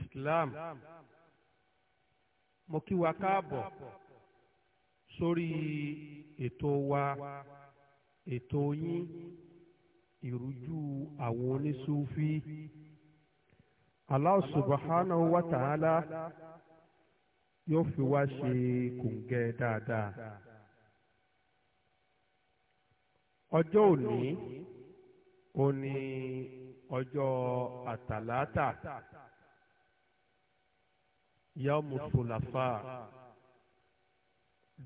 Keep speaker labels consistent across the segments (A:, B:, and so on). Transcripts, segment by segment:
A: Islam mo kí wa káàbọ̀ sórí ètò wa ètò yín ìrújú àwọn onísúfí Allah subhanahu wa ta'ala yóò fi wá ṣe kòǹgẹ́ dáadáa ọjọ́ òní òní ọjọ́ àtàlátà. yaumu tulafa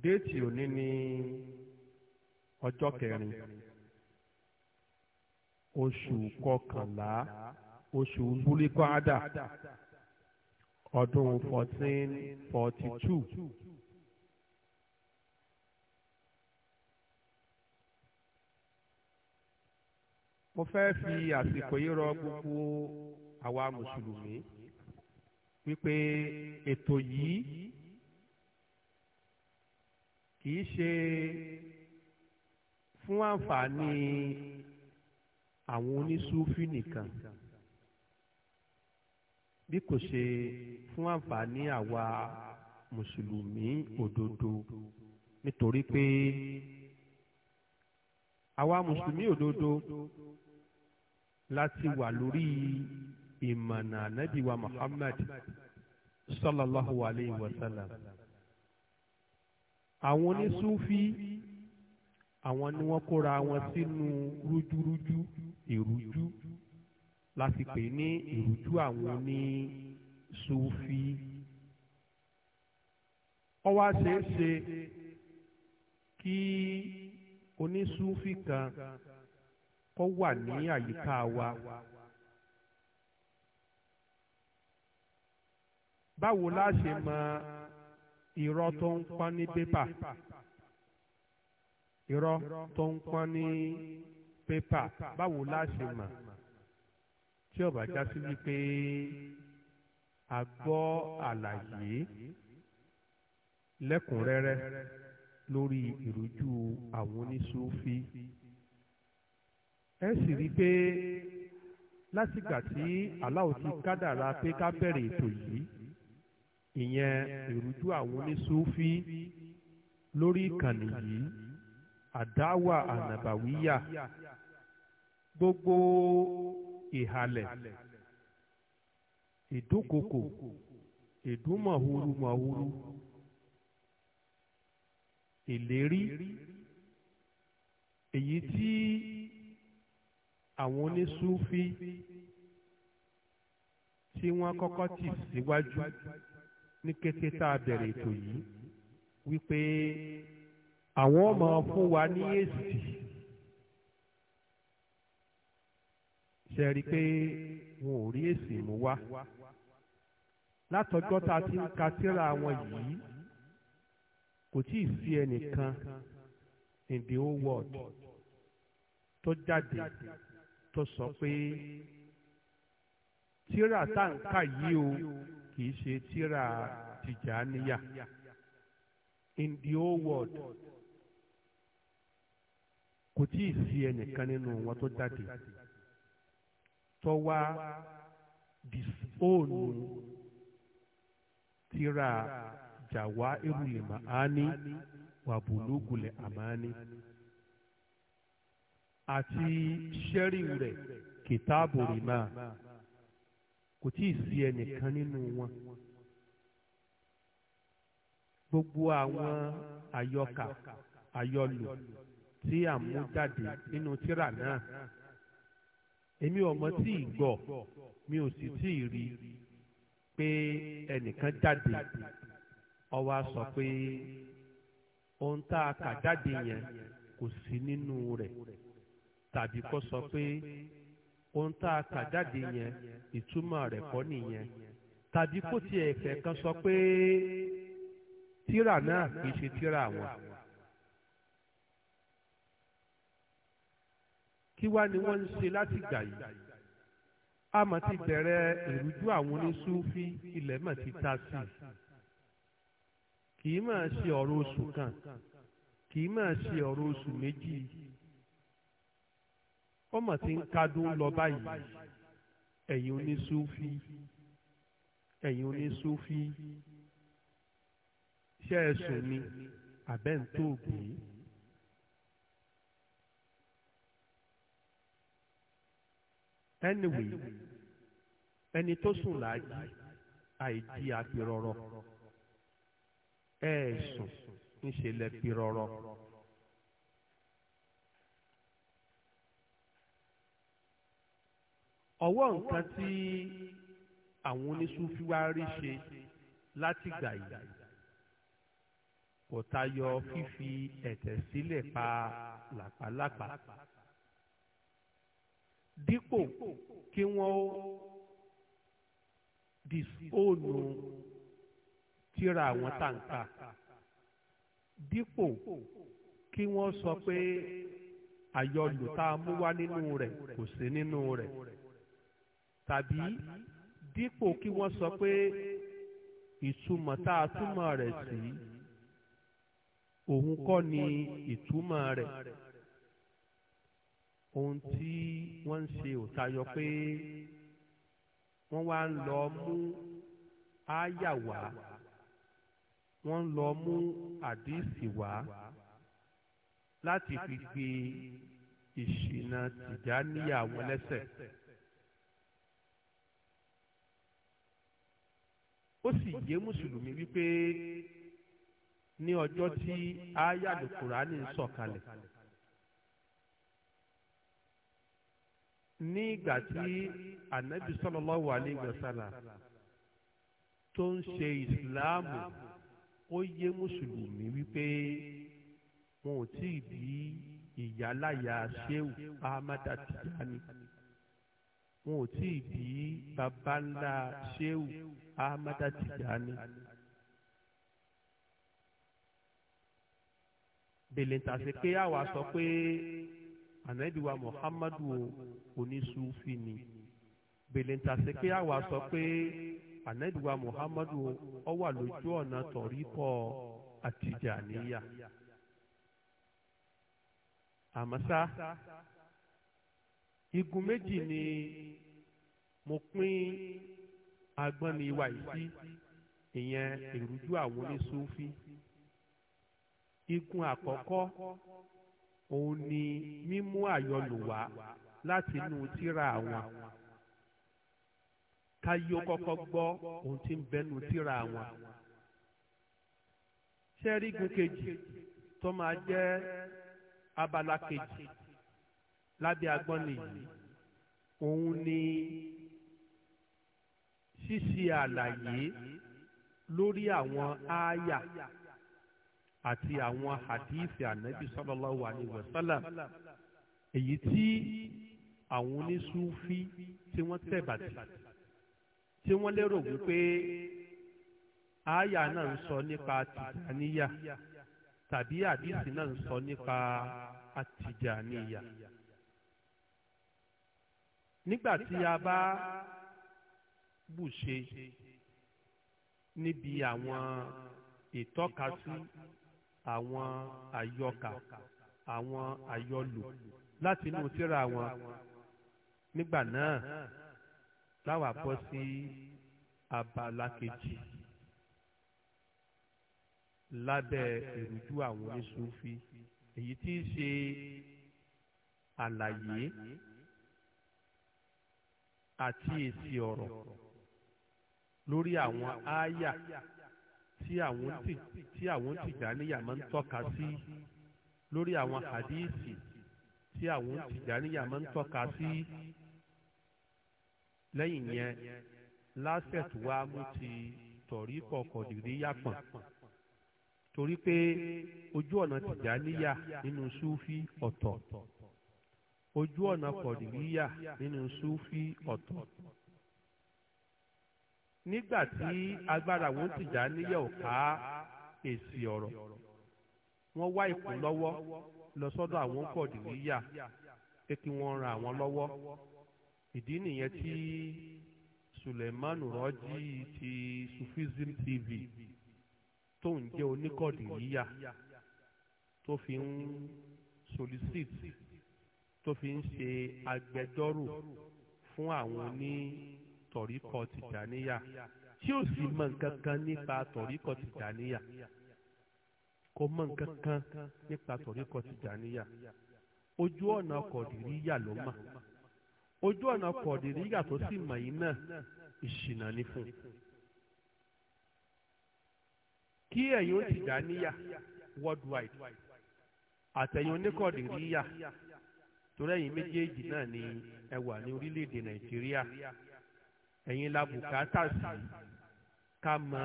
A: déètì òní ní ọjọ́ kẹrin oṣù kọkànlá oṣù bulikọ́ádà ọdún fourteen forty two. mo fẹ́ fi àsìkò yìí rọ gbogbo àwa mùsùlùmí wípé ètò yìí kìí ṣe fún àǹfààní àwọn onísúfì nìkan bí kò ṣe fún àǹfààní àwa mùsùlùmí òdodo nítorí pé àwa mùsùlùmí òdodo láti wà lórí ìmọ̀nà ànábì wa Muhammad sallallahu alayhi wa sallam àwọn onísúfí àwọn ni wọ́n kóra wọn sínú rújúrújú ìrújú láti pè ní ìrújú àwọn onísúfí ó wá ṣeé ṣe kí onísúfí kan kó wà ní àyíká wa. báwo la ṣe mọ irọ́ tó ń pọ́n ní pépà irọ́ tó ń pọ́n ní pépà báwo la ṣe mọ̀ tí ó bá já sí wípé a gbọ́ àlàyé lẹ́kùnrẹ́rẹ́ lórí ìrújú àwọn oníṣúfí ẹ sì rí i pé látìgbà tí aláwo ti kádàrá pé ká bẹ̀rẹ̀ ètò yìí ìyẹn ìrújú àwọn oníṣúfí lórí ìkànnì yìí àdáwà ànàbàwíyà gbogbo ìhàlẹ̀ ìdúnkokò ìdúnmọ̀húrúmọ̀húrú ìlérí èyí tí àwọn oníṣúfí tí wọ́n kọ́kọ́ tì síwájú. Si ní kété tá a bẹ̀rẹ̀ ètò yìí wípé àwọn ọmọ fún wa ní èsì ṣe rí i pé wọn ò rí èsì mú wá látọjọ́ tá a ti ń ka síra wọn yìí kò tí sí ẹnìkan in the whole world tó jáde tó sọ pé tíra tá à ń kà yìí o kì í ṣe tíra tìjàníyà in the whole world kò tí ì sí ẹnìkan nínú wọn tó jáde tó wá disown tíra jàwá irulè màání wàbùlùkùlẹ̀ àmání àti sẹ́rí rẹ̀ kìtàbù rìmá. kò tí ì sí ẹnìkan nínú wọn gbogbo àwọn àyọkà àyọlò tí à ń mú jáde nínú tírà náà èmi ò mọ̀ tí ì mi ò sì tí ì rí pé ẹnìkan jáde ó sọ pé ohun tá a kà jáde yẹn kò sí nínú rẹ̀ tàbí kó sọ pé ohun tá a kà jáde yẹn ìtumọ̀ rẹ̀ kọ́ nìyẹn tàbí kó tiẹ̀ fẹ́ kan sọ pé tíra náà kì í ṣe tíra wọn. kí wá ni wọ́n ń ṣe láti gbà yìí a ti bẹ̀rẹ̀ ìrújú àwọn oníṣúfí ilẹ̀ mà ti ta sí kì í mà ṣe ọ̀rọ̀ oṣù kan
B: kì í mà ṣe ọ̀rọ̀ oṣù méjì
A: ọmọ tí ń kadún lọ báyìí ẹ̀yin onísúfí ẹ̀yin onísúfí ṣé ẹ sùn ni àbẹ́ ń tó gbé. anyway ẹni tó sùn láàjì àìjí apirọrọ ẹ sùn ńṣe lẹ pirọrọ. ọwọ́ nǹkan tí àwọn oníṣúfì wá rí ṣe látìgbà yìí kò tayọ fífi ẹ̀tẹ̀ sílẹ̀ pa làpálàpá dípò kí wọ́n ó disóònù tíra àwọn táǹkà dípò kí wọ́n sọ pé àyọlù tá a mú wá nínú rẹ̀ kò sí nínú rẹ̀ tàbí dípò kí wọ́n sọ pé ìtumọ̀ tá a túmọ̀ rẹ̀ sí òun kọ́ ni ìtumọ̀ rẹ̀ ohun tí wọ́n ń ṣe ò tayọ pé wọ́n wá ń lọ mú áyà wá wọ́n ń lọ mú àdíìsì wá láti fi gbé ìṣìnà tìjà níyàwó lẹ́sẹ̀. ó sì yé mùsùlùmí wípé ní ọjọ́ tí ayàdù kùránì ń sọ̀kalẹ̀ ní ìgbà tí ànábì sallallahu alaihi wasallam tó ń ṣe ìsìláàmù ó yé mùsùlùmí wípé wọn ò tí ì bí ìyáláyà Ṣéhù Ahmad Tijani. wọn ò tí ì bí baba ńlá Ṣéhù Ahmada Tijani. bèlèntàsí pé àwa sọ pé ànábìwa Muhammadu onísùfì ni bèlèntàsí pé àwa sọ pé ànábìwa Muhammadu ó wà lójú ọ̀nà tọ̀ríkọ̀ àtìjàníyà àmọ́ igun méjì ni mo pín agbọ́n ní ìwà yìí sí ìyẹn ìrújú àwọn oníṣúfí igun àkọ́kọ́ òun ni mímú àyọlù wá láti inú tírà àwọn káyé ó kọ́kọ́ gbọ́ ohun tí ń bẹnu tírà àwọn ṣẹ́rígun kejì tó máa jẹ́ abala kejì lábẹ́ agbọ́n nìyí òun ni ṣíṣe àlàyé lórí àwọn ááyà àti àwọn hadithi ànábì sallallahu alayhi wa sallam èyí tí àwọn onísúfí tí wọ́n tẹ̀bàtì
B: tí wọ́n lérò wípé
A: ááyà náà ń sọ nípa tìjàníyà tàbí hadithi náà ń sọ nípa àtìjàníyà nígbà tí a bá bù ṣe níbi àwọn ìtọ́kasí àwọn àyọkà àwọn àyọlò láti inú tírà wọn nígbà náà láwà bọ́ sí abala kejì lábẹ́ ìrújú àwọn oníṣúfì èyí tí í ṣe àlàyé àti èsì ọ̀rọ̀ lórí àwọn ááyà tí àwọn tí tí àwọn tìjàníyà máa ń tọ́ka sí lórí àwọn hadithi tí àwọn tìjàníyà máa ń tọ́ka sí lẹ́yìn yẹn lásẹ̀t wa mú ti tọ̀rí kọ̀ọ̀kọ̀ dìrí yàpọ̀n torí pé ojú ọ̀nà tìjàníyà nínú súfí ọ̀tọ̀ ojú ọ̀nà kọ̀dìríyà nínú súfì ọ̀tọ̀ nígbà tí agbára wọn ti já níyẹ̀ ò ká èsì ọ̀rọ̀ wọ́n wá ìkú lọ́wọ́ lọ sọ́dọ̀ àwọn kọ̀dìríyà pé kí wọ́n ran àwọn lọ́wọ́ ìdí nìyẹn tí Suleiman Rọ́jí ti Sufism TV tó ń jẹ́ oníkọ̀dìríyà tó fi ń solicit tó fi ń ṣe agbẹjọ́rò fún àwọn ní tọ̀ríkọ tìjàníyà tí ó sì mọ nǹkan kan nípa tọ̀ríkọ tìjàníyà kò mọ nǹkan kan nípa tọ̀ríkọ tìjàníyà ojú ọ̀nà kọ̀dìríyà ló mà ojú ọ̀nà kọ̀dìríyà tó sì mọ̀ yín náà ìṣìnà ni fún un kí ẹ̀yin ó tìjàníyà worldwide àtẹ̀yin oníkọ̀dìríyà torí ẹ̀yin méjèèjì náà ni ẹ wà ní orílẹ̀-èdè nàìjíríà ẹ̀yin la bùkátà sí ká mọ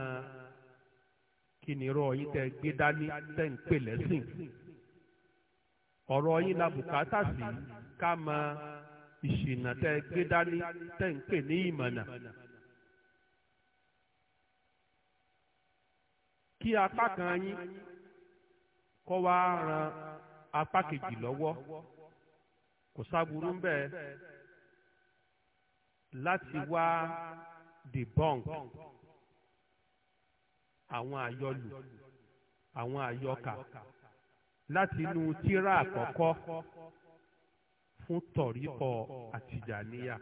A: kí yín tẹ gbé dání ń pè lẹ́sìn ọ̀rọ̀ yín la bùkátà ká mọ ìṣìnà tẹ gbé dání pè ní ìmọ̀nà. kan yín kọ́ ran apá kejì kò sáburú ń bẹ láti wá debunk àwọn àyọlù àwọn àyọkà láti inú tírà àkọ́kọ́ fún tọ̀ríkọ̀ àtìjàníyà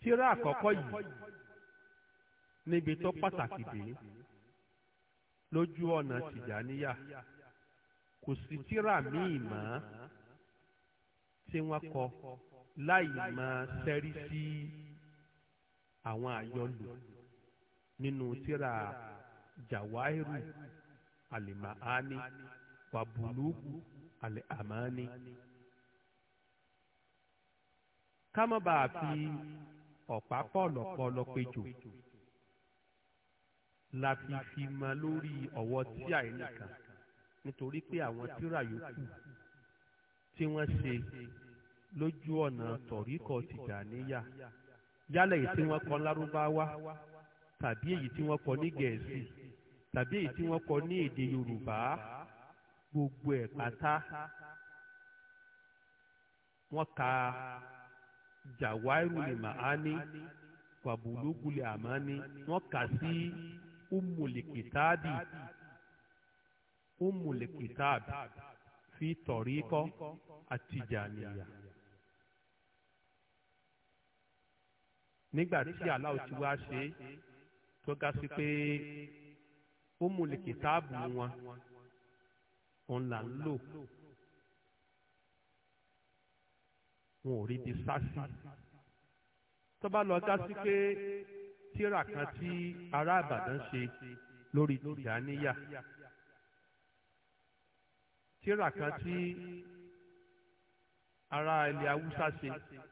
A: tírà àkọ́kọ́ yìí níbi tó pàtàkì dé lójú ọ̀nà tìjàníyà kò sí tírà míì mọ́ tí wọ́n kọ láì máa sẹ́rí sí àwọn àyọlù nínú tírà jàwáìrù àlìmáàní wàbùlùkù àlìàmáàní. ká má bàa fi ọ̀pá pọ̀lọ̀pọ̀lọ̀ péjò la fi fi mọ lórí ọ̀wọ́ tí àìníkan nítorí pé àwọn tírà yòókù tí wọ́n ṣe lójú ọ̀nà tọ̀ríkọ̀ tìjàníyà yálẹ̀ èyí tí wọ́n kọ lárúbáwá tàbí èyí tí wọ́n kọ ní gẹ̀ẹ́sì tàbí èyí tí wọ́n kọ ní èdè yorùbá gbogbo ẹ̀ pátá wọ́n ka jàwáìrù lè màání wàbùlùkù lè àmání wọ́n kà sí umulikitaabi umulikitaabi fi tọ̀ríkọ̀ àtìjàníyà. nígbà tí aláwo ti wá ṣe tó ga sí pé ó múlẹ̀ kìtáàbù wọn
B: òun là ń lò
A: wọn ò rí ibi sásì tó bá lọ ga sí pé tíra kan tí ará Ìbàdàn ṣe lórí Tìjàníyà tíra kan tí ará ilẹ̀ Haúsá ṣe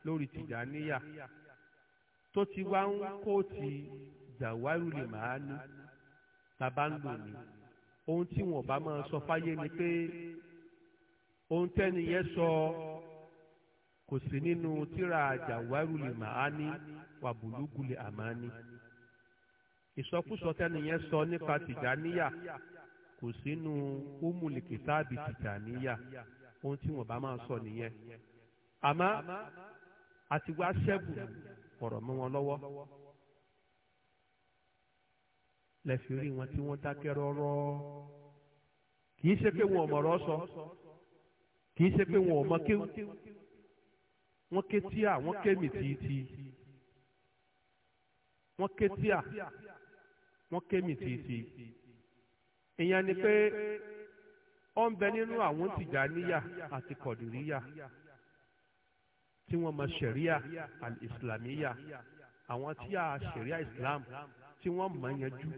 A: lórí Tìjàníyà tó ti wá ń kóòtì jàwárù lè máa ní bàbá ń lò ní ohun tí wọn bá máa sọ fáyé ni pé ohun tẹ́ni yẹn sọ kò sí nínú tíra jàwárù lè máa ní wàbùlùkù ìsọkúsọ tẹ́ni yẹn sọ nípa tìjàníyà kò sínú umuli kìtàbì tìjàníyà ohun tí wọn bá máa sọ nìyẹn àmọ́ àti wá ṣẹ́gun ọ̀rọ̀ mọ́ wọn lọ́wọ́ lẹ́fi rí wọn tí wọ́n dákẹ́ rọ́rọ́ kì í ṣe pé wọn ò mọ̀rọ̀ sọ kì í ṣe pé wọn ò mọ kéwù wọ́n ké tíà wọ́n ké mi tìtì wọ́n ké tíà wọ́n ké mi tìtì ìyẹn ni pé ó nínú àwọn tìjà níyà àti kọ̀dùríyà. tí wọ́n mọ sẹ̀ríà al-islamiyya àwọn tí a sẹ̀ríà islam tí wọ́n mọ̀ yanjú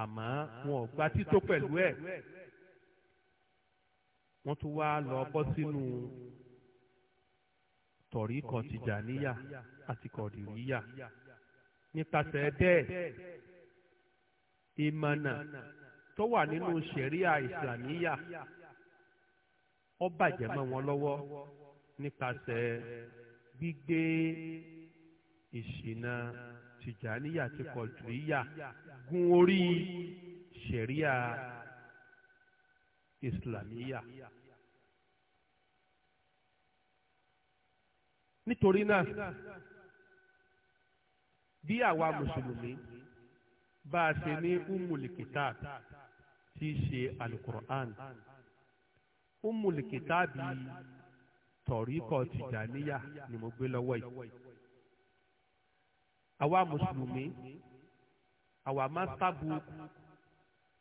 A: àmọ́ wọn ò gba tító pẹ̀lú ẹ̀ wọ́n tún wá lọ bọ́ sínú tọ̀ríkọ̀ tìjàníyà àti kọ̀dìríyà nípasẹ̀ bẹ́ẹ̀ ìmọ̀nà tó wà nínú sẹ̀ríà islamiyya ó bàjẹ́ mọ́ wọn lọ́wọ́ nípasẹ̀ gbígbé ìṣìnà tìjàníyà ti kọ̀dùríyà gún orí ṣẹ̀ríà ìsìlámíyà. nítorí náà bí àwa mùsùlùmí bá a ṣe ní umulikitab tí í ṣe alukur'an umulikitab yìí tọ̀ríkọ̀ tìjàníyà ni mo gbé lọ́wọ́ yìí. àwa mùsùlùmí our master book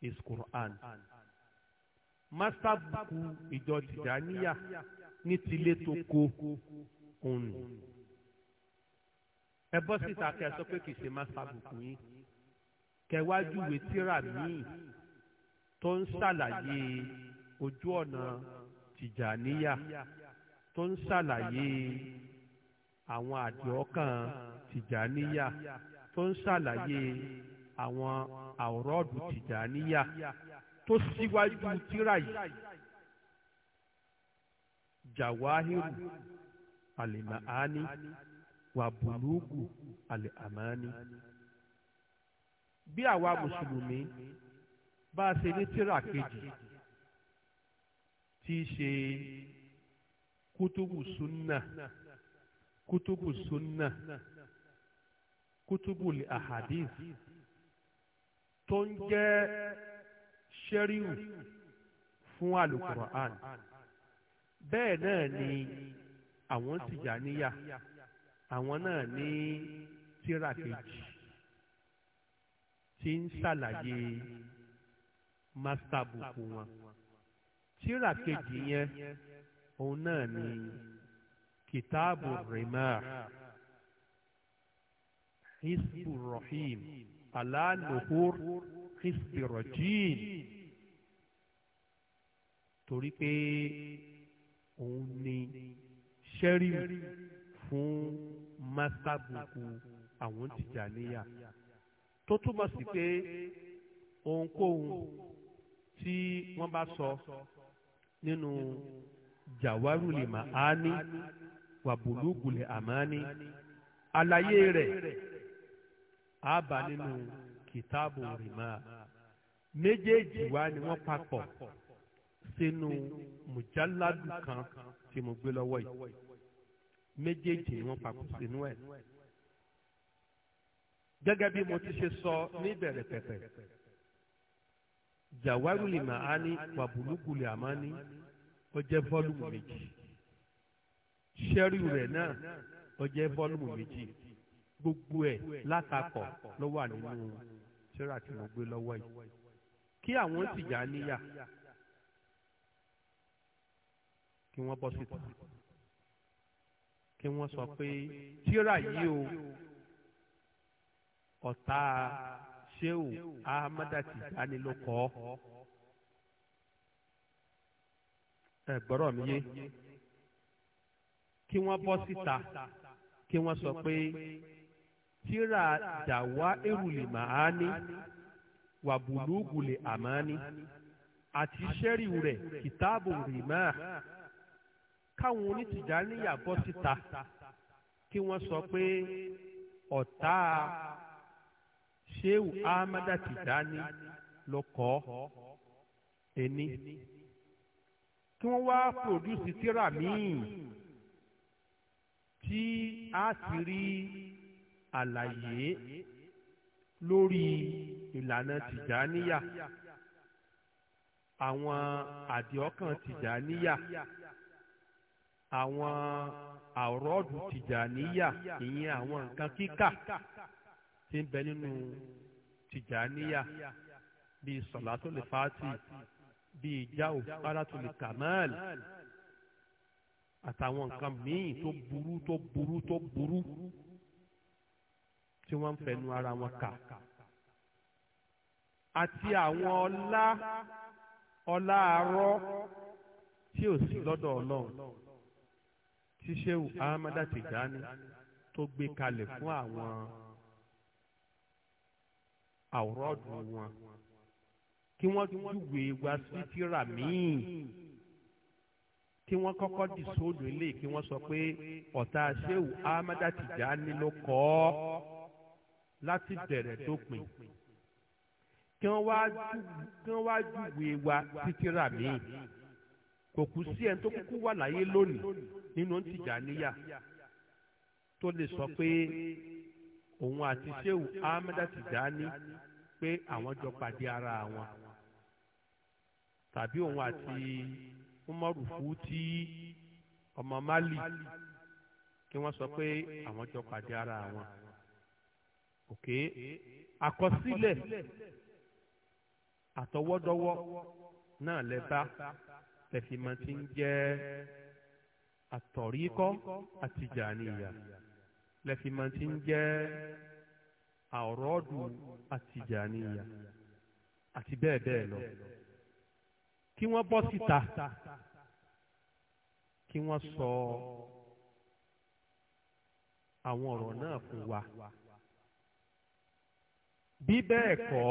A: is Quran master book ìjọ tìjàníyà ní tilé tó kó òun nù. ẹ bọ́ síta kẹ́ ẹ sọ pé kì í ṣe master book yín kẹwájú ìwé tíra míì tó ń ṣàlàyé ojú ọ̀nà tìjàníyà tó ń ṣàlàyé àwọn àdìọ́kàn tìjàníyà tó ń ṣàlàyé àwọn àwòrọ́ọ̀dù tìjàníyà tó síwájú tírà yìí jawahiru alimaani wa bulugu aliamani bí àwa mùsùlùmí bá a ṣe ní tírà kejì tí í ṣe kútùbù súnà kútùbù súnà kútùbù ahadith tó ń jẹ́ ṣẹ́ríù fún alukur'an bẹ́ẹ̀ náà ni àwọn tìjàníyà àwọn náà ní tírà kejì tí ń ṣàlàyé master book wọn tírà kejì yẹn òun náà ni kìtáàbù rìmáà hisbu rahim alanuhur hisbi rajin torí pé òun ni sẹ́rí fún mọ́sábùkù àwọn tìjàníyà tó túmọ̀ sí pé ohunkóhun tí wọ́n bá sọ nínú jàwárù lè mà á ní wàbùlùkù lè àmà ní àlàyé rẹ̀ á bá nínú kìtáàbù rìmà méjèèjì ni wọ́n papọ̀ sínú mùjáládù kan tí mo gbé lọ́wọ́ yìí méjèèjì ni wọ́n papọ̀ sínú ẹ̀ gẹ́gẹ́ bí mo ti ṣe sọ níbẹ̀rẹ̀ pẹ̀pẹ̀ jawarul maani wa bulugul amani ó jẹ́ fọ́lùmù méjì ṣẹ́ríù rẹ̀ náà ó jẹ́ fọ́lùmù méjì gbogbo ẹ̀ látakọ̀ ló wà nínú ṣẹ́ra tí mo gbé lọ́wọ́ yìí kí àwọn tìjà níyà kí wọ́n bọ́ síta kí wọ́n sọ pé tíra yìí o ọ̀tá ṣéwù ahmadati dánilókọ́. ẹ̀gbọ́rọ̀ mi yé kí wọ́n bọ́ síta kí wọ́n sọ pé tíra dàwa erùlì màání wàbùlùgùlì àmání àti sẹ́ríù rẹ̀ kìtáàbù rìmá káwọn onítìjáníyà bọ́ síta kí wọ́n sọ pé ọ̀tá Shehu Ahmada Tijani ló kọ́ ẹni kí wọ́n wá pòdúsì tíra míì tí a ti rí àlàyé lórí ìlànà tìjàníyà àwọn àdìọ́kàn tìjàníyà àwọn àrọ́ọ̀dù tìjàníyà ìyẹn àwọn nǹkan kíkà tí ń bẹ nínú tìjàníyà bíi sọ̀látólè bíi ìjáwò báratùlù kamal àtàwọn nǹkan míì tó burú tó burú tó burú tí wọ́n ń fẹnu ara wọn kà àti àwọn ọlá ọlá arọ tí ò sí lọ́dọ̀ ọlọ́run tí Shehu Ahmada Tijani tó gbé kalẹ̀ fún àwọn àwòrán ọdún wọn kí wọ́n júwe wa sí tírà míì kí wọ́n kọ́kọ́ dì sóòlù ilé kí wọ́n sọ pé ọ̀tá Ṣéhù Ahmada Tijani ló kọ ọ́ láti bẹ̀rẹ̀ dópin kí wọ́n wá júwe wa sí tírà míì kò kú sí ẹni tó kúkú wà láyé lónìí nínú Tìjàníyà tó lè sọ pé òun àti Ṣéhù Ahmada Tijani pé àwọn jọ pàdé ara wọn. tàbí òun àti umaru futi ọmọ mali kí wọ́n sọ pé àwọn jọ pàdé ara wọn ok àkọsílẹ̀ àtọwọ́dọ́wọ́ náà bá tẹ̀fìmọ̀tì ń jẹ́ àtọ̀ríkọ́ àtìjàníyà lẹ́fìmọ̀tì ń jẹ́ àrọ́dù àtìjàníyà àti bẹ́ẹ̀ bẹ́ẹ̀ lọ. kí wọ́n bọ́ síta kí wọ́n sọ àwọn ọ̀rọ̀ náà fún wa bí bẹ́ẹ̀ kọ́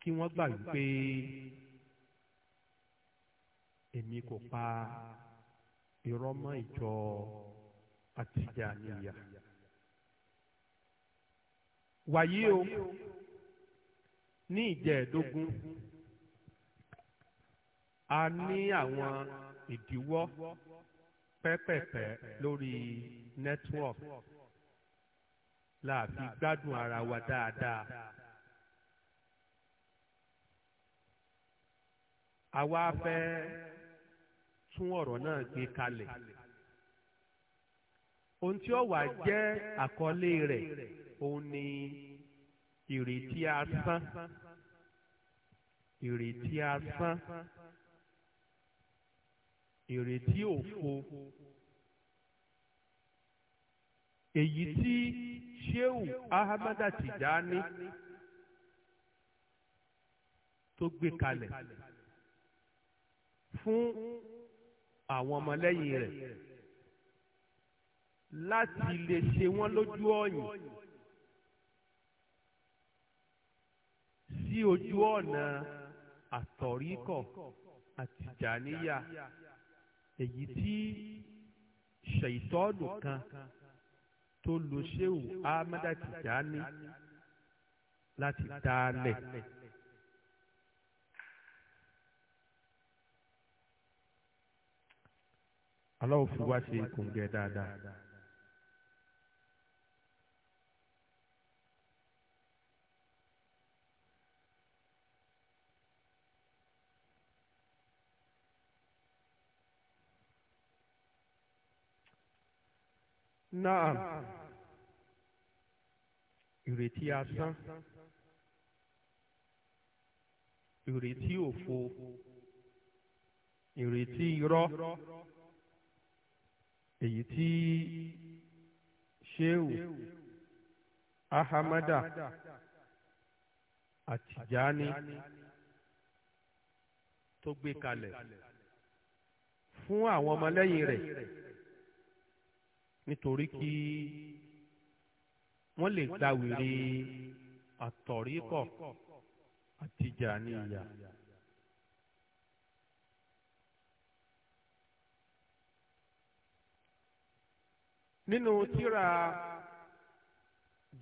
A: kí wọ́n gbà wípé èmi kò pa irọ́ mọ́ ìjọ àtijọ́ àníyàn Wàyí o ní ìjẹ́ẹ̀dógún a ní àwọn ìdíwọ́ pẹ́pẹ̀pẹ́ lórí network la fi gbádùn ara wa dáadáa. àwa fẹ́ tún ọ̀rọ̀ náà gbé kalẹ̀. ohun tí ó wà jẹ́ àkọlé rẹ̀ òun ni ìrètí asán ìrètí asán ìrètí òfo èyí tí sheu ahmada tijani tó gbé kalẹ̀ fún àwọn ọmọlẹ́yìn rẹ̀ láti lè ṣe wọ́n lójú ọ̀yìn.
B: sí ojú ọ̀nà
A: àtọ̀ríkọ̀ àtìjàníyà èyí tí ṣèyítọ́ọ̀nù kan tó lo ṣéwù ahmadu àtìjàní láti dálẹ̀. aláwọ̀ fi wá ṣe kòǹgẹ́ dáadáa. naam ìrètí asán ìrètí òfo ìrètí irọ́ èyí tí sheu ahamada àtìjáni tó gbé kalẹ̀ fún àwọn ọmọlẹ́yìn rẹ̀ nítorí kí wọ́n lè gba wèrè àtọ̀ríkọ̀
B: àtijọ́ níyà.
A: nínú tírà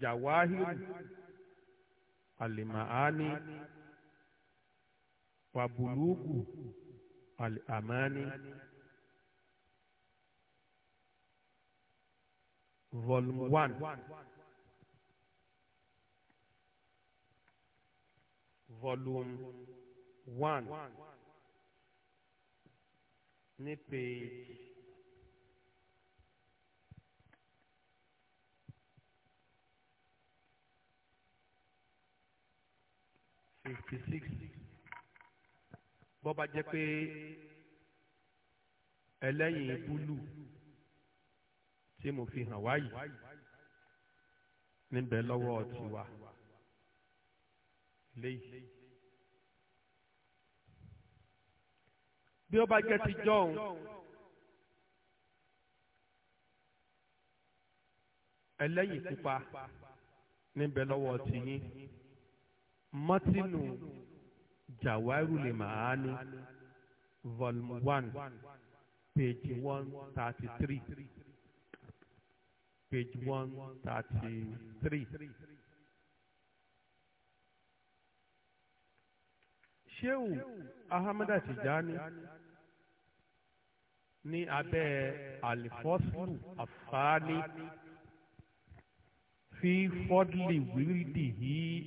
A: jawahiru alimaani wabulugu alamani. Al volume one volume one ní page fifty six bó bá jẹ́ pé ẹlẹ́yin búlù tí mo fi hàn wáyìí níbẹ̀ lọ́wọ́ tiwa léyìí. bí ó bá jẹ́ ti jọ́hún ẹlẹ́yìn pupa níbẹ̀ lọ́wọ́ tiyín mọ́tínù jàwáírù lè máa ní volume one page one thirty three page one thirty three. Shehu Ahamada Tijani ní abẹ́ àlìfọ́sùlù afani fi fọ́dìlì wíìdì yìí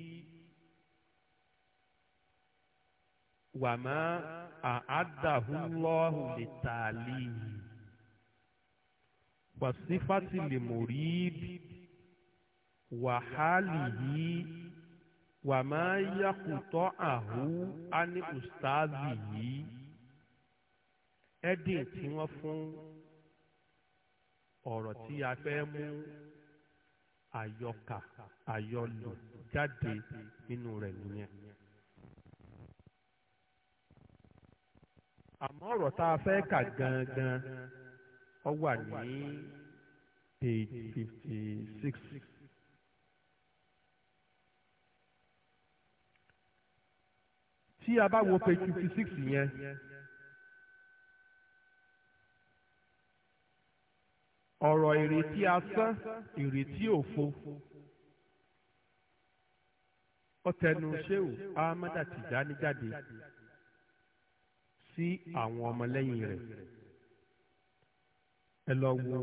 A: wàmọ́ àádàhùn lọ́hùn lè tààlì yìí. وصفة المريد وحاله وما يقطعه عن أستاذه ẹ̀dín tí wọ́n fún ọ̀rọ̀ tí a fẹ́ mú àyọkà àyọlò jáde nínú rẹ̀ nìyẹn. àmọ́ ọ̀rọ̀ tá a fẹ́ kà gangan ó wà ní page fifty six. tí a bá wo page fifty six yẹn. ọ̀rọ̀ ìrètí asán ìrètí òfo ọtẹnu sheu ahmed àtijani jáde sí àwọn ọmọlẹ́yìn rẹ̀ ẹ lọ wo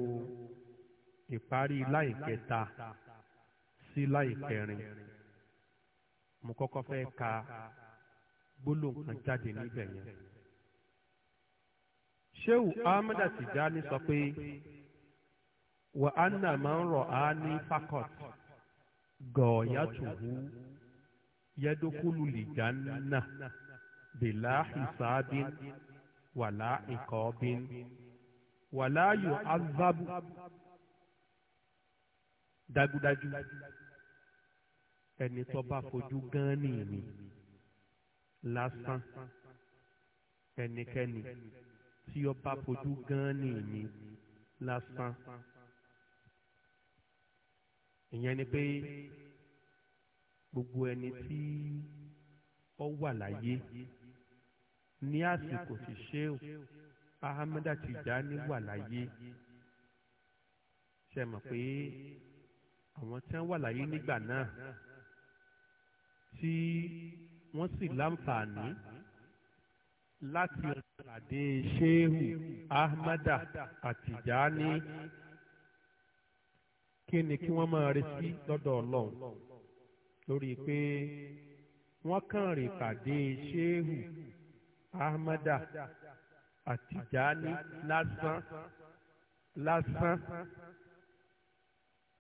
A: ìparí láì kẹta sí láì kẹrin mo kọ́kọ́ fẹ́ ka gbólóhùn kan jáde níbẹ̀ yẹn. Shehu Ahmed Tijani sọ pé wà á nà máa ń rọ̀ á ní fakọt gọ̀ọ́yàtùhù yẹ́dókúlù lìjánà bìlà ìsáábìn wàláyò azabu dájúdájú
B: ẹni tó bá fojú gan ní mi
A: lásán ẹnikẹ́ni tí ó bá fojú gan ní mi lásán ìyẹn ni pé gbogbo ẹni tí ó wà láyé ní àsìkò tí ṣéwù. Ahmada Tijani wà láyé ṣe mọ̀ pé àwọn tí wọ́n wà láyé nígbà náà tí wọ́n sì láǹfààní láti pàdé Ṣéhù Ahmada Àtìjáni kí ni kí wọ́n máa retí lọ́dọ̀ Ọlọ́run lórí pé wọ́n kàn rí pàdé Ṣéhù Ahmada àtìjáni lásán lásán.